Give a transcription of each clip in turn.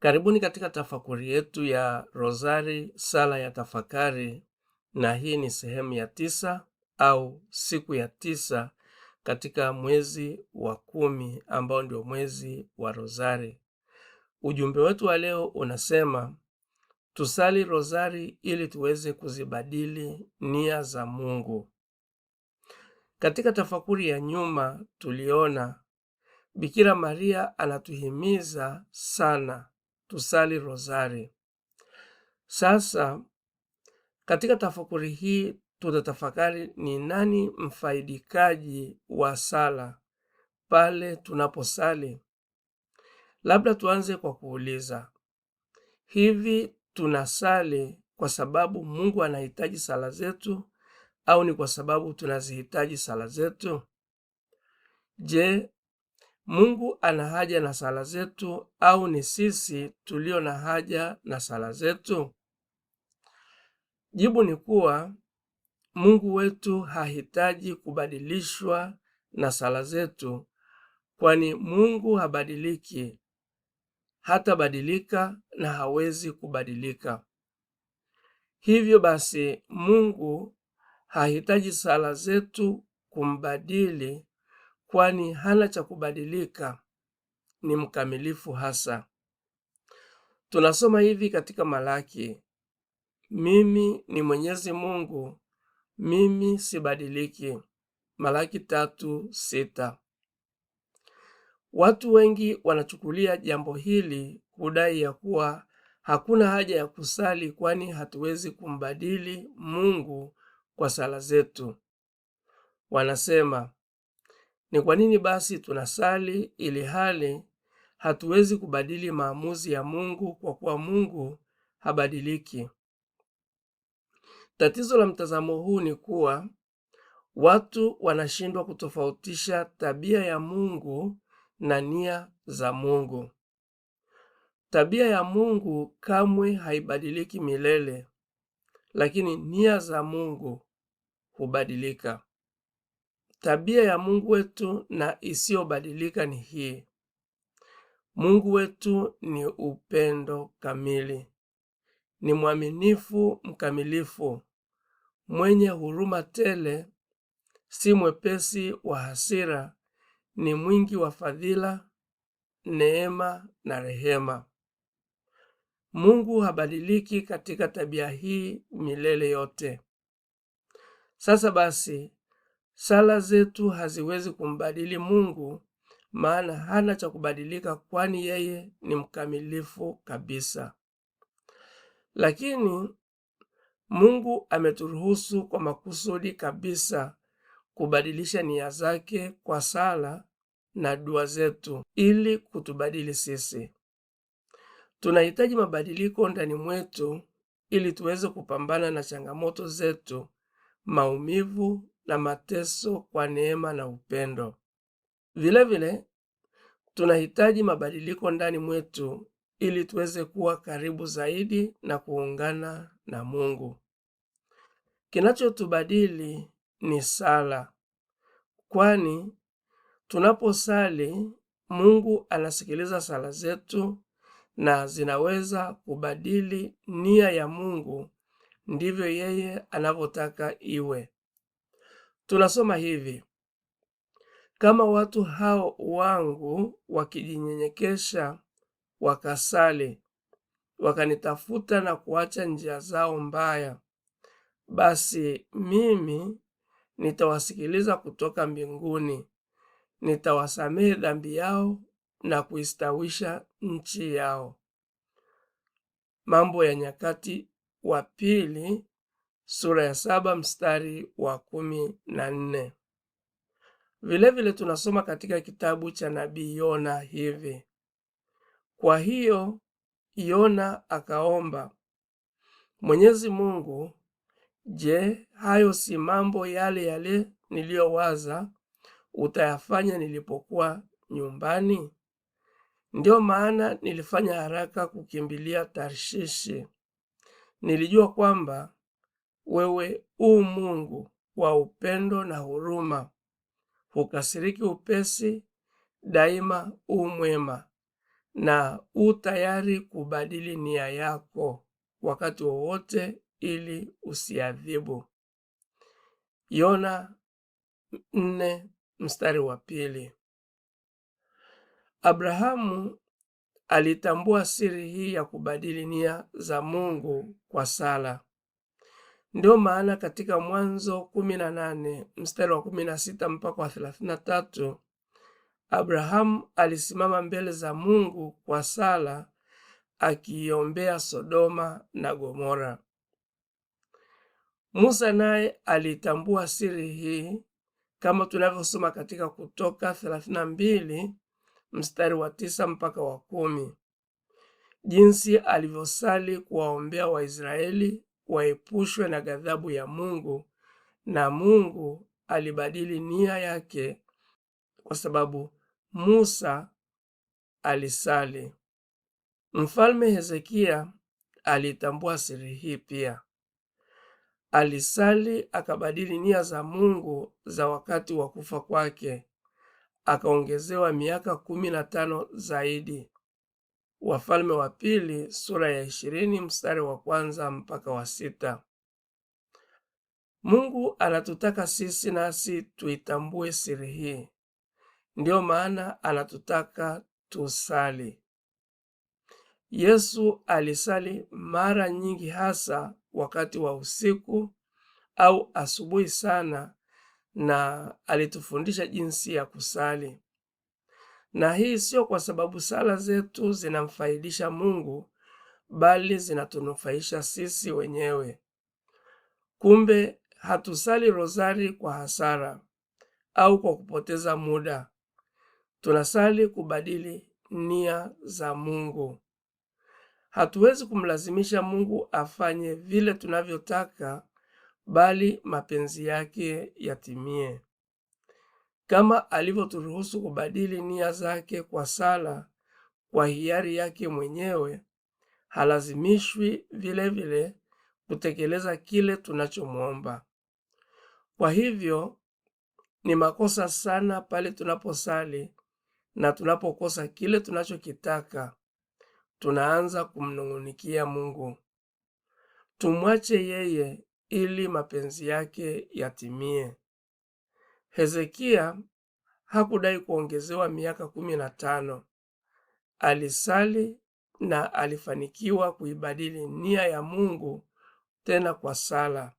Karibuni katika tafakuri yetu ya Rozari, sala ya tafakari, na hii ni sehemu ya tisa au siku ya tisa katika mwezi wa kumi ambao ndio mwezi wa Rozari. Ujumbe wetu wa leo unasema tusali Rozari ili tuweze kuzibadili nia za Mungu. Katika tafakuri ya nyuma tuliona Bikira Maria anatuhimiza sana tusali rosari. Sasa katika tafakuri hii tutatafakari ni nani mfaidikaji wa sala pale tunaposali. Labda tuanze kwa kuuliza, hivi tunasali kwa sababu Mungu anahitaji sala zetu au ni kwa sababu tunazihitaji sala zetu? Je, Mungu ana haja na sala zetu au ni sisi tulio na haja na sala zetu? Jibu ni kuwa Mungu wetu hahitaji kubadilishwa na sala zetu, kwani Mungu habadiliki, hatabadilika na hawezi kubadilika. Hivyo basi, Mungu hahitaji sala zetu kumbadili kwani hana cha kubadilika, ni mkamilifu hasa. Tunasoma hivi katika Malaki, mimi ni Mwenyezi Mungu, mimi sibadiliki. Malaki tatu sita. Watu wengi wanachukulia jambo hili kudai ya kuwa hakuna haja ya kusali, kwani hatuwezi kumbadili Mungu kwa sala zetu. Wanasema ni kwa nini basi tunasali ili hali hatuwezi kubadili maamuzi ya Mungu kwa kuwa Mungu habadiliki? Tatizo la mtazamo huu ni kuwa watu wanashindwa kutofautisha tabia ya Mungu na nia za Mungu. Tabia ya Mungu kamwe haibadiliki milele, lakini nia za Mungu hubadilika. Tabia ya Mungu wetu na isiyobadilika ni hii: Mungu wetu ni upendo kamili, ni mwaminifu mkamilifu, mwenye huruma tele, si mwepesi wa hasira, ni mwingi wa fadhila, neema na rehema. Mungu habadiliki katika tabia hii milele yote. Sasa basi Sala zetu haziwezi kumbadili Mungu, maana hana cha kubadilika, kwani yeye ni mkamilifu kabisa. Lakini Mungu ameturuhusu kwa makusudi kabisa kubadilisha nia zake kwa sala na dua zetu ili kutubadili sisi. Tunahitaji mabadiliko ndani mwetu ili tuweze kupambana na changamoto zetu, maumivu na mateso kwa neema na upendo. Vilevile tunahitaji mabadiliko ndani mwetu ili tuweze kuwa karibu zaidi na kuungana na Mungu. Kinachotubadili ni sala, kwani tunaposali Mungu anasikiliza sala zetu na zinaweza kubadili nia ya Mungu. Ndivyo yeye anavyotaka iwe tunasoma hivi: kama watu hao wangu wakijinyenyekesha, wakasali, wakanitafuta na kuacha njia zao mbaya, basi mimi nitawasikiliza kutoka mbinguni, nitawasamehe dhambi yao na kuistawisha nchi yao. Mambo ya Nyakati wa Pili sura ya saba mstari wa kumi na nne. Vilevile tunasoma katika kitabu cha nabii Yona hivi: kwa hiyo Yona akaomba Mwenyezi Mungu, je, hayo si mambo yale yale niliyowaza utayafanya nilipokuwa nyumbani? Ndiyo maana nilifanya haraka kukimbilia Tarshishi, nilijua kwamba wewe u Mungu wa upendo na huruma, hukasiriki upesi, daima u mwema na u tayari kubadili nia yako wakati wowote ili usiadhibu. Yona nne mstari wa pili. Abrahamu alitambua siri hii ya kubadili nia za Mungu kwa sala ndio maana katika Mwanzo kumi na nane mstari wa kumi na sita mpaka wa thelathini na tatu Abrahamu alisimama mbele za Mungu kwa sala akiiombea Sodoma na Gomora. Musa naye aliitambua siri hii kama tunavyosoma katika Kutoka 32 mstari wa tisa mpaka wa kumi, jinsi alivyosali kuwaombea Waisraeli waepushwe na ghadhabu ya Mungu, na Mungu alibadili nia yake kwa sababu Musa alisali. Mfalme Hezekia alitambua siri hii pia. Alisali akabadili nia za Mungu za wakati wa kufa kwake, akaongezewa miaka kumi na tano zaidi. Wafalme wa Pili sura ya ishirini mstari wa kwanza mpaka wa sita. Mungu anatutaka sisi nasi tuitambue siri hii, ndiyo maana anatutaka tusali. Yesu alisali mara nyingi, hasa wakati wa usiku au asubuhi sana, na alitufundisha jinsi ya kusali na hii sio kwa sababu sala zetu zinamfaidisha Mungu bali zinatunufaisha sisi wenyewe. Kumbe hatusali rozari kwa hasara au kwa kupoteza muda. Tunasali kubadili nia za Mungu. Hatuwezi kumlazimisha Mungu afanye vile tunavyotaka, bali mapenzi yake yatimie kama alivyoturuhusu kubadili nia zake kwa sala kwa hiari yake mwenyewe, halazimishwi vilevile vile kutekeleza kile tunachomwomba. Kwa hivyo ni makosa sana pale tunaposali na tunapokosa kile tunachokitaka, tunaanza kumnung'unikia Mungu. Tumwache yeye ili mapenzi yake yatimie. Hezekia hakudai kuongezewa miaka kumi na tano. Alisali na alifanikiwa kuibadili nia ya Mungu tena kwa sala,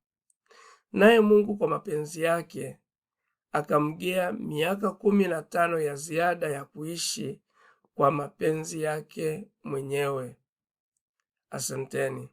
naye Mungu kwa mapenzi yake akamgea miaka kumi na tano ya ziada ya kuishi kwa mapenzi yake mwenyewe. Asanteni.